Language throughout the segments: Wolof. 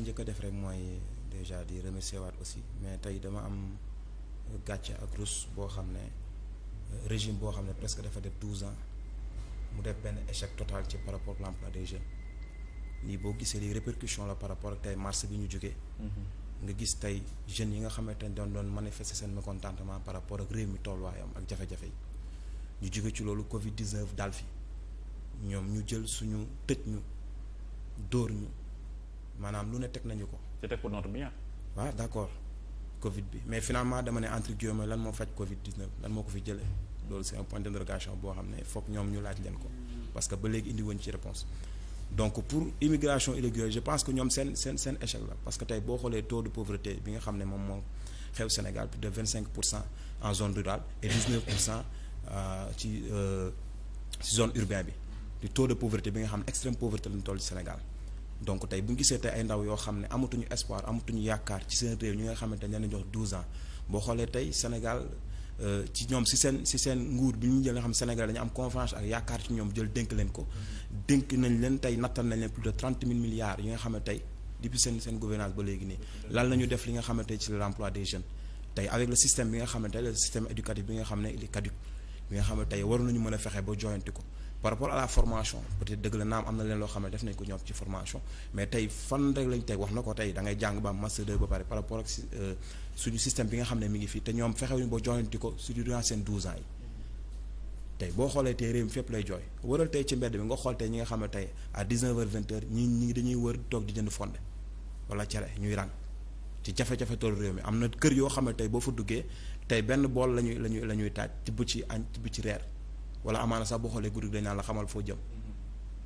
may njëkk a def rek mooy déjà di remercier waat aussi mais tey dama am gàcce ak rus boo xam ne euh, régime boo xam ne presque dafa def douze ans mu def benn échec total ci par rapport l'emploi des jeunes lii boo gisee lii répercussion la par rapport ak tey marché bi ñu jógee mm-hmm. nga gis tey jeunes yi nga xamante ne doon doon manifester seen mécontentement par rapport ak réew mi tolluwaayam ak jafe-jafe yi ñu jóge ci loolu Covid 19 daal fi ñoom ñu jël suñu tëj maanaam lu ne teg nañu ko. c'était pour notre bien. waaw d'accord Covid bi mais finalement dama ne entre lan moo faj Covid 19 lan moo ko fi jëlee loolu c'est un point d'interrogation boo xam ne foog ñoom ñu laaj leen ko parce que ba léegi indi wuñ ci réponse donc pour immigration illégale je pense que ñoom seen seen seen échec la parce que tey boo xoolee taux de pauvreté bi nga xam ne moom moo xew Sénégal plus de vingt cinq pour cent en zone rurale et dix euh, euh, bi di taux de bi nga xam ne extrême pauvreté lañu Sénégal donc tey bu ñu gisee tey ay ndaw yoo xam ne amatuñu espoir amatuñu yaakaar ci seen réew ñi nga xamante ne dañu jox 12 ans boo xoolee tey euh, ci ñoom si seen si seen nguur bi ñu jël nga xam Sénégal dañu am confiance ak yaakaar ci ñoom jël dénk leen ko. Mm-hmm. dénk nañ leen tey nattal nañ leen plus de 30 000 milliards yi nga xam ne tey depuis seen seen gouvernance ba léegi nii. Mm-hmm. lan la ñu def li nga xamante ci l'emploi des jeunes tey avec le système bi nga xam xamante le système éducatif bi nga xam ne il est caduc bi nga xam ne tey waroon nañu mën a fexe ba joyanti ko. par rapport à la formation peut-être dëgg la naam am na leen loo xam ne def nañ ko ñoom ci formation mais tey fan rek lañ teg wax na ko tey da ngay jàng ba am master 2 ba pare par rapport ak euh, suñu système bi nga xam ne mi ngi fii te ñoom fexewuñu ba joyanti ko su durant seen 12 ans yi tey boo xoolee tey réew mi fépp lay jooy wëral tey ci mbedd bi nga xool tey ñi nga xam ne tey à 19 heures 20 heures ñi ñi dañuy wër toog di jënd fonde wala cere ñuy rang ci jafe toolu réew mi am na kër yoo xam ne tey boo fa duggee tey benn bool la ñuy la ñuy la ñuy taaj ci bu ci añ bu ci reer wala amaana sax boo xoolee guddi dañ naan la xamal foo jëm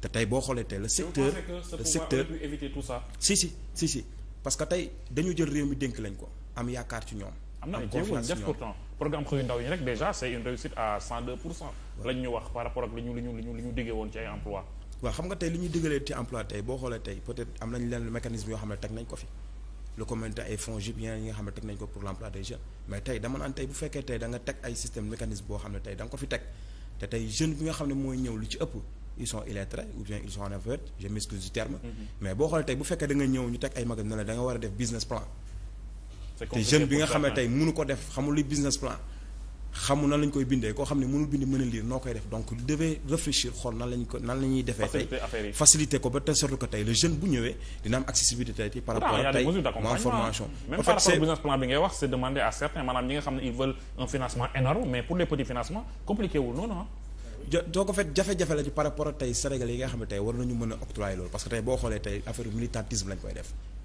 te tey boo xoolee tey le secteur le secteur éviter tout ça si si si si parce que tey dañu jël réew mi dénk lañ ko am yaakaar ci ñoom am na ay jéego ñu def pourtant programme xëyu ndaw ñi rek déjà c'est une wax par rapport ak li ñu diggee woon ci ay emploi waaw xam nga tey li ñu diggalee ci emploi tey boo xoolee tey peut-être am nañ leen mécanisme yoo xam ne teg nañ ko fi lu ko ay fonds jub yi nga xam ne teg nañ ko pour l'emploi des jeunes mais tey dama naan tey bu te tey jeune bi nga xam ne mooy ñëw lu ci ëpp ils sont illettrés ou bien ils sont analphabètes je m'excuse du terme. Mm-hmm. mais boo xoolee tey bu fekkee danga ñëw ñu teg ay magasin ne la da nga war a def business plan. te jeune bi nga xam ne tey mënu ko def xamul luy business plan. xamu na lañ koy bindee koo xam ne mënul bind mën a lire noo koy def donc il devait réfléchir xool nan ko nan la ñuy defee tey faciliter ko ba telle sorte que tey le jeune bu ñëwee dina am accessibilité tey par rapport ak tey ma formation ngay xam ne ils veulent un financement énorme mais pour les petits financements compliqué wul tey war nañu mën a octroyer loolu parce que tey boo xoolee tey affaire militantisme lañ koy def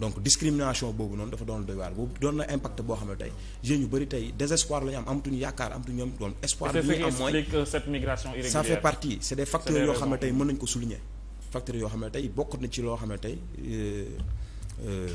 donc discrimination boobu noonu dafa doon doy waar boobu doon na impact boo xam ne tey jeunes yu bëri tey désespoir la ñu am amatuñu yaakaar amatuñu ñoom doon espoir li ñu am mooy euh, cette migration partie c'est des facteurs yoo xam ne tey mën nañu ko souligner facteurs yoo xam ne tey bokk na ci loo xam ne tey euh, euh,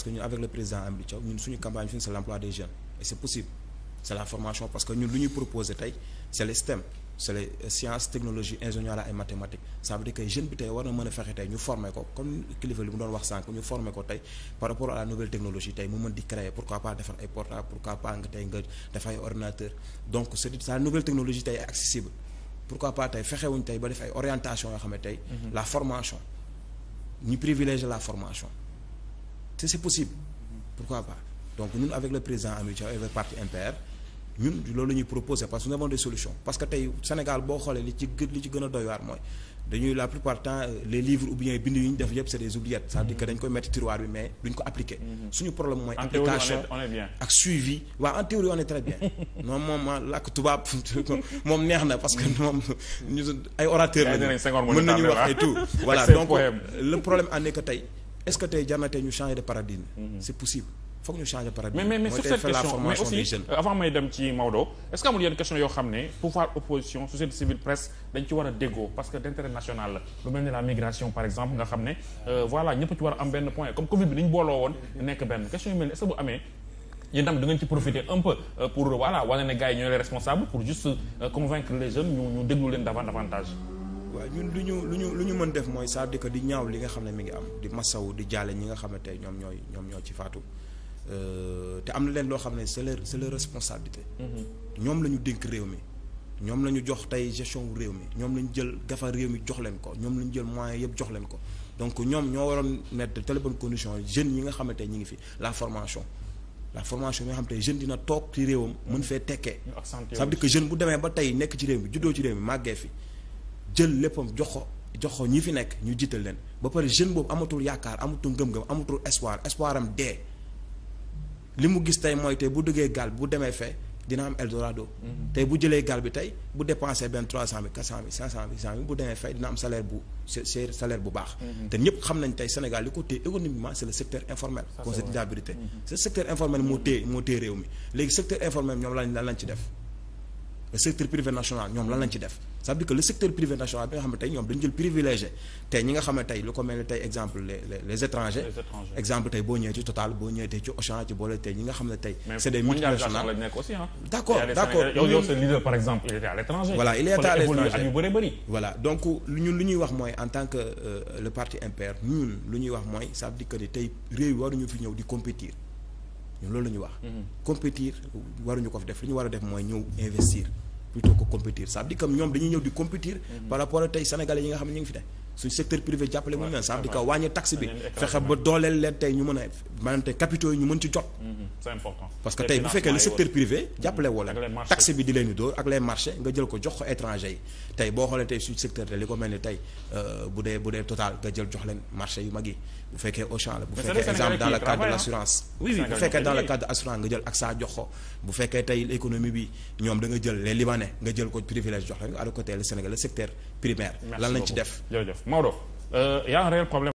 parce que ñun avec le président Hamidou Thiaw ñun suñu campagne fi c'est l'emploi des jeunes et c'est possible c'est la formation parce que ñun lu ñuy proposer tey c'est les STEM c'est les sciences technologies ingénierie et mathématiques ça veut dire que jeune bi tey war na mën a fexe tey ñu former ko comme kilifa li mu doon wax sànq ñu former ko tey par rapport à la nouvelle technologie tey mu mën di créer pourquoi pas defar ay portables pourquoi pas nga tey nga def ay ordinateurs donc c'est la nouvelle technologie tey yoo xam ne tey mhm. la formation ñu privilégier la formation te c'est possible pourquoi pas donc ñun avec le président Hamidou avec parti MPR ñun loolu ñuy proposer parce que nous avons des solutions parce que tey Sénégal boo xoolee li ci gë li ci gën a doy waar mooy dañuy la plupart du temps euh, les livres ou bien bind yu ñu def yëpp c'est des oubliettes c'est-à-dire que dañ koy mettre tiroir bi mais duñ ko appliquer mm-hmm. suñu problème mooy application ak suivi waaw en théorie on est très bien moom moom ah, làkk tubaab moom est-ce que tey jar na tey ñu changer de paradigme. Mhm. c'est possible foog ñu changer paradigme. mais mais mais sur cette question mais aussi avant may dem ci Maodo est-ce que amul yenn question yoo xam ne pouvoir opposition société civile presse dañ ci war a déggoo parce que d'intérêt national la lu mel ni la migration par exemple nga xam ne euh, voilà ñëpp ci war a am benn point comme Covid bi ni ñu booloo woon nekk benn question yu mel ni est-ce que bu amee. yéen tam da ngeen ci profiter un peu euh, pour voilà wane ne gars yi ñooy les responsables pour juste euh, convaincre les jeunes ñu ñu déglu leen davantage waaw ñun lu ñu lu ñu lu ñu mën def mooy c'est-à-dire di ñaaw li nga xam ne mi ngi am di masawu di jaale ñi nga xam ne tey ñoom ñooy ci faatu euh, te am na leen loo xam ne c'est leur c'est mm-hmm. ñoom la ñu dénk réew mi ñoom la ñu jox tey gestion wu réew mi ñoom lañu jël gafa réew mi jox leen ko ñoom lañu jël moyens yëpp jox leen ko donc ñoom ñoo waroon mettre de condition jeune ñi nga xam ne tey ñu ngi fi la formation. la formation bi nga xam te jeune dina toog ci réewam mën fee tekkee ça veut dire que jeune bu demee ba tey nekk ci réew mi juddoo ci réew mi màggee fi jël léppam jox ko jox ko ñi fi nekk ñu jiital leen ba pare jeune boobu amatul yaakaar amatul ngëm-ngëm amatul espoir espoir am dee li mu gis tey mooy tey bu duggee gaal bu demee fee dina am Eldorado. Mm-hmm. tey bu jëlee gaal bi tey bu dépensé benn trois cent mille quatre cent mille cinq cent mille cent mille bu demee fay dina am salaire bu salaire bu baax. Mm-hmm. te ñëpp xam nañ tey Sénégal li ko téye économiquement c'est le secteur informel. ça c'est vrai considérabilité. Mm-hmm. ce secteur informel moo téye moo téye réew mi léegi secteur informel lañ ci def. le secteur privé national ñoom lan lañ ci def ça que le secteur privé national bi nga xam ne tey ñoom dañu jël privilégié tey ñi nga xam ne tey lu ko mel ne tey exemple les étrangers exemple tey boo ñëwee ci Total boo ñëwee tey ci Auchan ci boole tey ñi nga xam ne tey c'est des multinationales d' accord d' il était à l' étranger voilà ñun lu ñuy wax mooy en tant que euh, le parti impair ñun lu ñuy wax mooy ça veut dire que ni tey réew waruñu fi ñëw di ñun loolu la ñu wax. Mhm. compétir waruñu ko fi def li ñu war a def mooy ñëw investir plutôt que compétir ça veut dire ñoom dañuy ñëw di compétir. Mhm. par rapport ak tey sénégalais yi nga xam ne ñu ngi fi tey suñu secteur privé jàppale mu ñu naan ça veut dire que wàññi bi fexe ba dooleel leen tey ñu mën a maanaam te capitaux yi ñu mën ci jot. Mhm, parce que tey bu fekkee le secteur privé. jàppale woo leen taxe bi di leen dóor ak les marchés nga jël ko jox ko étranger yi tey boo xoolee tey suñu secteur te li ko mel ni tey euh, bu dee bu dee total nga jël jox leen marché yu mag yi bu fekkee Auchan la. bu fekkee exemple dans le cadre de l' assurance. oui oui bu fekkee dans le cadre de assurance nga jël AXA jox ko bu fekkee tey économie bi ñoom da jël les libanais nga jël ko privilège jox leen à côté le Sénégal le